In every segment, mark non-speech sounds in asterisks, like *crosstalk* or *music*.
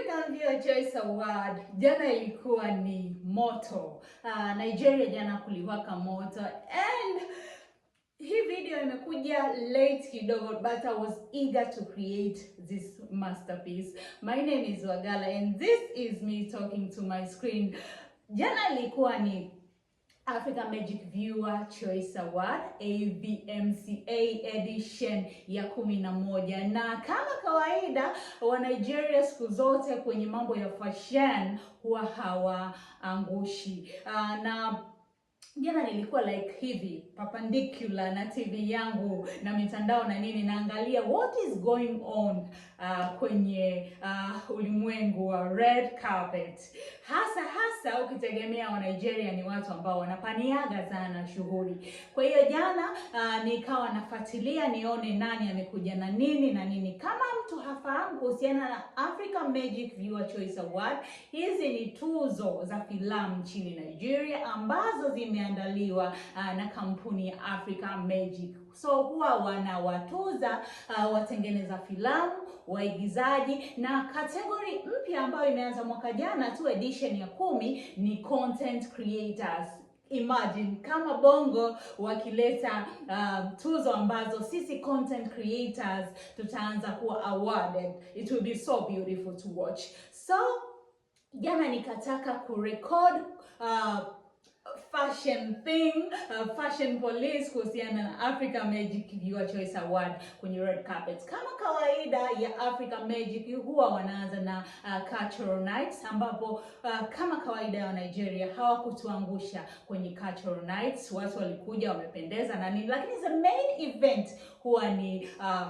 African Viewer Choice Award jana ilikuwa ni moto. Uh, Nigeria jana kuliwaka moto and hii video imekuja late kidogo but I was eager to create this masterpiece. My name is Wagala and this is me talking to my screen. Jana ilikuwa ni Africa Magic Viewer Choice Award AVMCA edition ya kumi na moja, na kama kawaida wa Nigeria siku zote kwenye mambo ya fashion huwa hawaangushi. Uh, na jana nilikuwa like hivi perpendicular na TV yangu na mitandao na nini, naangalia what is going on uh, kwenye uh, ulimwengu wa red carpet, hasa hasa ukitegemea wa Nigeria ni watu ambao wanapaniaga sana shughuli. Kwa hiyo jana uh, nikawa nafuatilia nione nani amekuja na nini na nini. Kama mtu hafahamu kuhusiana na Africa Magic Viewer Choice Award, hizi ni tuzo za filamu nchini Nigeria ambazo zimeandaliwa uh, na kampuni kampuni ya Africa Magic. So huwa wanawatuza uh, watengeneza filamu, waigizaji na kategori mpya ambayo imeanza mwaka jana tu edition ya kumi ni content creators. Imagine kama Bongo wakileta uh, tuzo ambazo sisi content creators tutaanza kuwa awarded. It will be so beautiful to watch. So jana nikataka kurekod uh, fashion thing uh, fashion police kuhusiana na Africa Magic Viewer Choice Award kwenye red carpet Kama kawaida ya Africa Magic huwa wanaanza na uh, cultural nights ambapo uh, kama kawaida ya Nigeria hawakutuangusha kwenye cultural nights. Watu walikuja wamependeza na nini, lakini the main event huwa ni uh,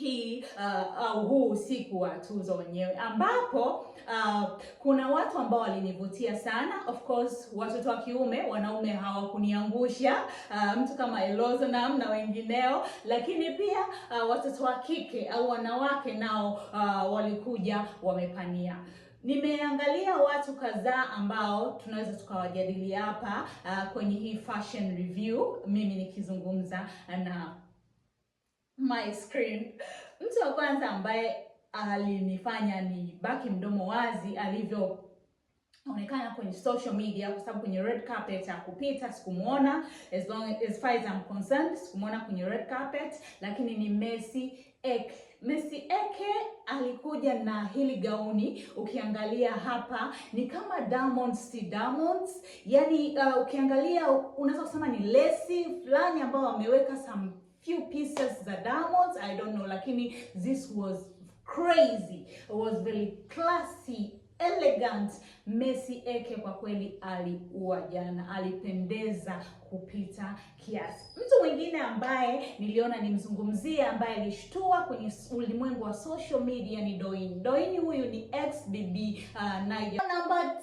hii uh, uh, huu usiku wa tuzo wenyewe ambapo uh, kuna watu ambao walinivutia sana. Of course watoto wa kiume, wanaume hawakuniangusha, uh, mtu kama Elozonam na wengineo, lakini pia uh, watoto wa kike au uh, wanawake nao uh, walikuja wamepania. Nimeangalia watu kadhaa ambao tunaweza tukawajadili hapa uh, kwenye hii fashion review, mimi nikizungumza na my screen. Mtu wa kwanza ambaye alinifanya ni baki mdomo wazi alivyo onekana kwenye social media, kwa sababu kwenye red carpet ya kupita sikumuona as long as far as I'm concerned, sikumuona kwenye red carpet, lakini ni Messi Eke. Messi Eke alikuja na hili gauni, ukiangalia hapa ni kama diamonds, si diamonds, yani uh, ukiangalia unaweza kusema ni lesi fulani ambao wameweka some few pieces za diamonds I don't know, lakini this was crazy, it was very classy elegant. Messi Eke kwa kweli aliua jana, alipendeza kupita kiasi. Mtu mwingine ambaye niliona nimzungumzie, ambaye alishtua kwenye ulimwengu wa social media ni Doin. Doin huyu ni ex bibi uh, Niger. Number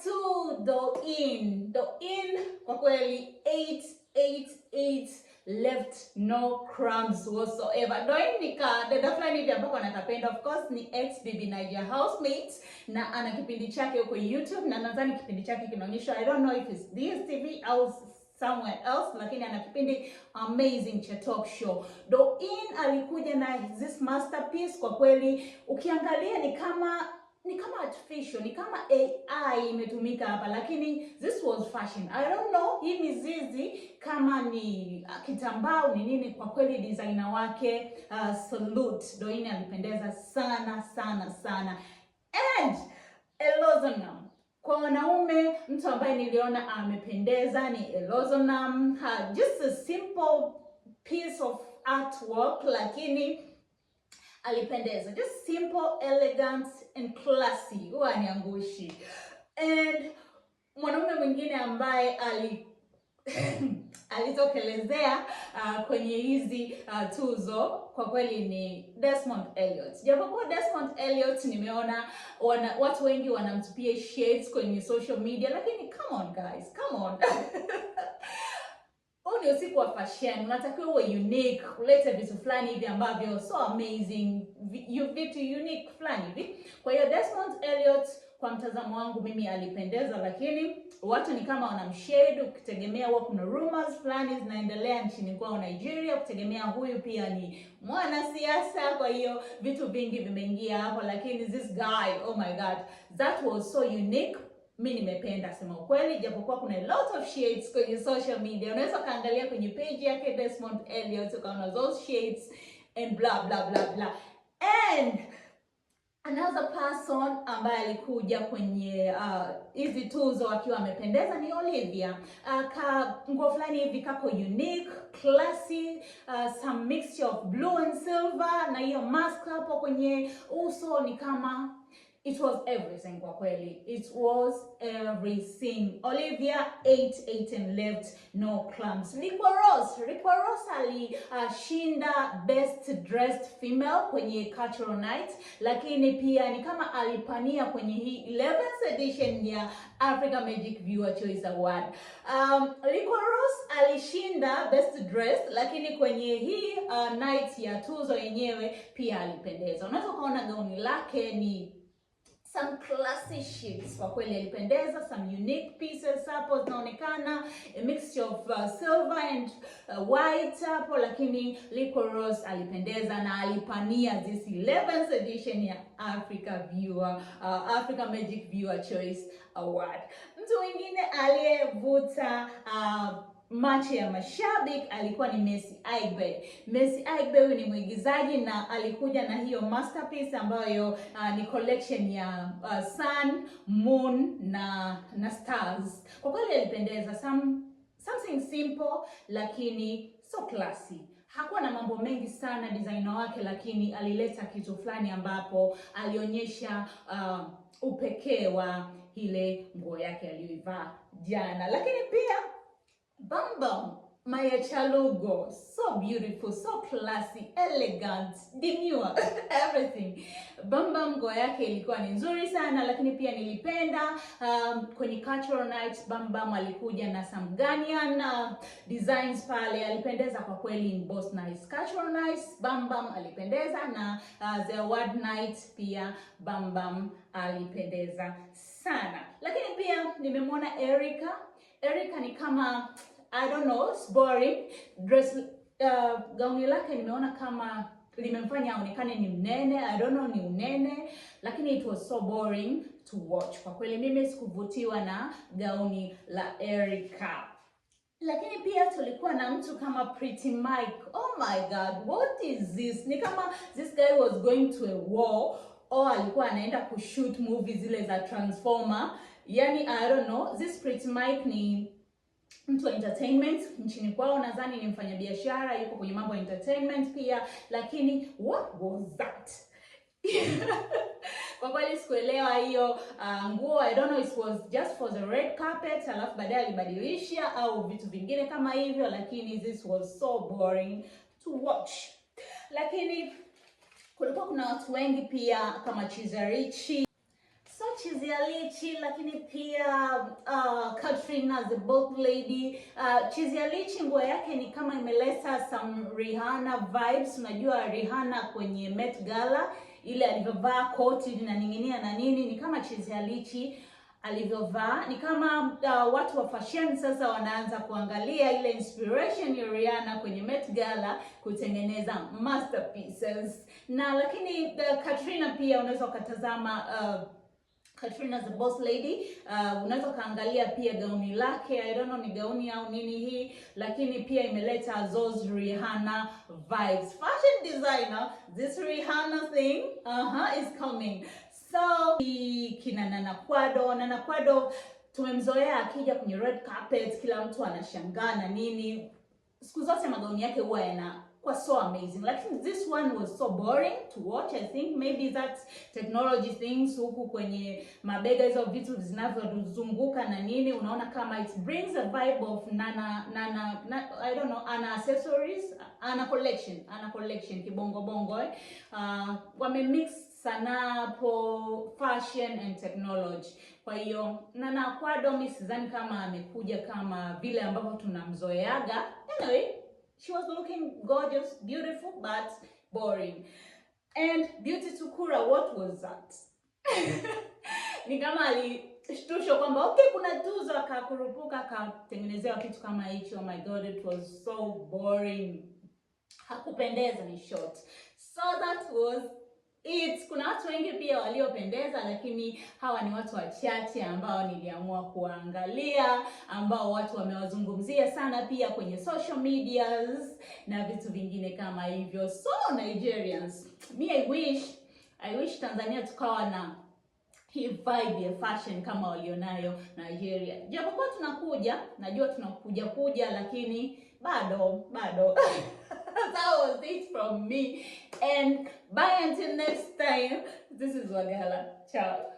2 Doin. Doin kwa kweli 888 left no crumbs whatsoever. Doin nika the fulani hivi ambako anakapenda, of course ni ex Bibi Naija housemate, na ana kipindi chake huko YouTube, na nadhani kipindi chake kinaonyeshwa, I don't know if it's DSTV au somewhere else, lakini ana kipindi amazing cha talk show. Doin alikuja na this masterpiece, kwa kweli ukiangalia ni kama ni kama artificial, ni kama AI imetumika hapa, lakini this was fashion. I don't know hii mizizi kama ni ah, kitambao ni nini. Kwa kweli designer wake uh, salute Doine alipendeza sana sana sana, and Elozonam kwa wanaume mtu ambaye niliona amependeza ni Elozonam, just a simple piece of artwork, lakini alipendeza, just simple elegant and classy, huwa aniangushi. And mwanaume mwingine ambaye ali eh. *laughs* alitokelezea uh, kwenye hizi uh, tuzo kwa kweli ni Desmond Elliot. Japokuwa Desmond Elliot nimeona wana, watu wengi wanamtupia shades kwenye social media, lakini come on guys, come on *laughs* huu ni usiku wa fashion, unatakiwa uwe unique, ulete vitu fulani hivi ambavyo so amazing, vitu unique fulani hivi. Kwa hiyo Desmond Elliot kwa mtazamo wangu mimi alipendeza, lakini watu ni kama wanamshade, ukitegemea huwa kuna rumors fulani zinaendelea nchini kwao Nigeria, ukitegemea huyu pia ni mwanasiasa. Kwa hiyo vitu vingi vimeingia hapo, lakini this guy, oh my god, that was so unique mi nimependa sema ukweli, japokuwa kuna lot of shades kwenye social media. Unaweza ukaangalia kwenye page yake Desmond Elliot ukaona those shades and blah blah blah blah and another person ambaye alikuja kwenye uh, hizi uh, tuzo akiwa amependeza ni Olivia uh, ka nguo fulani hivi kako unique classy uh, some mixture of blue and silver, na hiyo mask hapo kwenye uso ni kama It was everything kwa kweli. It was everything. Olivia ate, ate and left no crumbs. Rico Ross, Rico Ross alishinda uh, best dressed female kwenye cultural night, lakini pia ni kama alipania kwenye hii 11th edition ya Africa Magic Viewer Choice Award. Um, Rico Ross alishinda best dressed, lakini kwenye hii uh, night ya tuzo yenyewe pia alipendeza. Unaweza ukaona gauni lake ni some classy sheets kwa kweli alipendeza, some unique pieces hapo zinaonekana, a mixture of uh, silver and uh, white hapo, lakini Rico Ross alipendeza na alipania this 11th edition ya Africa Viewer uh, Africa Magic Viewer Choice Award. Mtu mwingine aliyevuta uh, macho ya mashabiki alikuwa ni Messi Aigbe. Messi Aigbe ni mwigizaji na alikuja na hiyo masterpiece ambayo uh, ni collection ya uh, Sun, Moon na na Stars. Kwa kweli alipendeza, some something simple lakini so classy. Hakuwa na mambo mengi sana designer wake, lakini alileta kitu fulani ambapo alionyesha uh, upekee wa ile nguo yake aliyoivaa jana, lakini pia Bam Bam, my Chalogo, so beautiful, so classy, elegant, demure, *laughs* everything. Bam Bam go yake ilikuwa ni nzuri sana, lakini pia nilipenda um, kwenye cultural night Bam Bum alikuja na some Ghanaian uh, designs pale, alipendeza kwa kweli in both nights. Cultural nights Bam Bum alipendeza na uh, the award night pia Bam Bam alipendeza sana, lakini pia nimemwona Erica Erica ni kama I don't know, it's boring. Dress uh, gauni lake nimeona kama limemfanya aonekane ni mnene, I don't know ni unene, lakini it was so boring to watch. Kwa kweli mimi sikuvutiwa na gauni la Erica. Lakini pia tulikuwa na mtu kama Pretty Mike. Oh my god, what is this? Ni kama this guy was going to a war or alikuwa anaenda kushoot movie zile za Transformer yani I don't know, this Pretty might ni mtu wa entertainment nchini kwao, nadhani ni mfanyabiashara, yuko kwenye mambo ya entertainment pia, lakini what was that? *laughs* Kwa kweli sikuelewa hiyo uh, nguo. I don't know it was just for the red carpet, alafu baadaye alibadilisha au vitu vingine kama hivyo, lakini this was so boring to watch. Lakini kulikuwa kuna watu wengi pia kama Chizarichi chizi ya lichi, lakini pia uh, Katrina the bold lady uh, chizi ya lichi nguo yake ni kama imeleta some Rihanna vibes. Unajua Rihanna kwenye Met Gala ile alivyovaa koti linaning'inia na nini, ni kama chizi ya lichi alivyovaa ni kama uh, watu wa fashion sasa wanaanza kuangalia ile inspiration ya Rihanna kwenye Met Gala kutengeneza masterpieces na lakini uh, Katrina pia unaweza ukatazama uh, Katrina the boss lady. Uh, unaweza kaangalia pia gauni lake, I don't know ni gauni au nini hii, lakini pia imeleta those Rihanna vibes. Fashion designer, this Rihanna thing uh -huh, is coming. So kina Nana Kwado, Nana Kwado tumemzoea akija kwenye red carpet, kila mtu anashangaa na nini. Siku zote magauni yake huwa yana was so amazing lakini this one was so boring to watch I think maybe that technology things huku kwenye mabega hizo vitu zinavyozunguka na nini unaona kama it brings a vibe of nana nana na, I don't know ana accessories ana collection ana collection kibongo bongo eh? uh, wame mix sanaa po fashion and technology kwa hiyo Nana kwa domi sidhani kama amekuja kama vile ambavyo tunamzoeaga anyway She was looking gorgeous, beautiful, but boring. And Beauty kura what was that? *laughs* ni kama alishtushwa kwamba okay, kuna tuzo, akakurupuka akatengenezewa kitu kama hicho. Oh my god, it was so boring. Hakupendeza, ni short. So that was It's, kuna watu wengi pia waliopendeza, lakini hawa ni watu wachache ambao niliamua kuangalia, ambao watu wamewazungumzia sana pia kwenye social medias na vitu vingine kama hivyo. So Nigerians, me I wish I wish Tanzania tukawa na hii vibe ya fashion kama walionayo Nigeria, japokuwa tunakuja, najua tunakuja kuja, lakini bado bado *laughs* that was it from me. And bye until next time. This is Wagala. Ciao.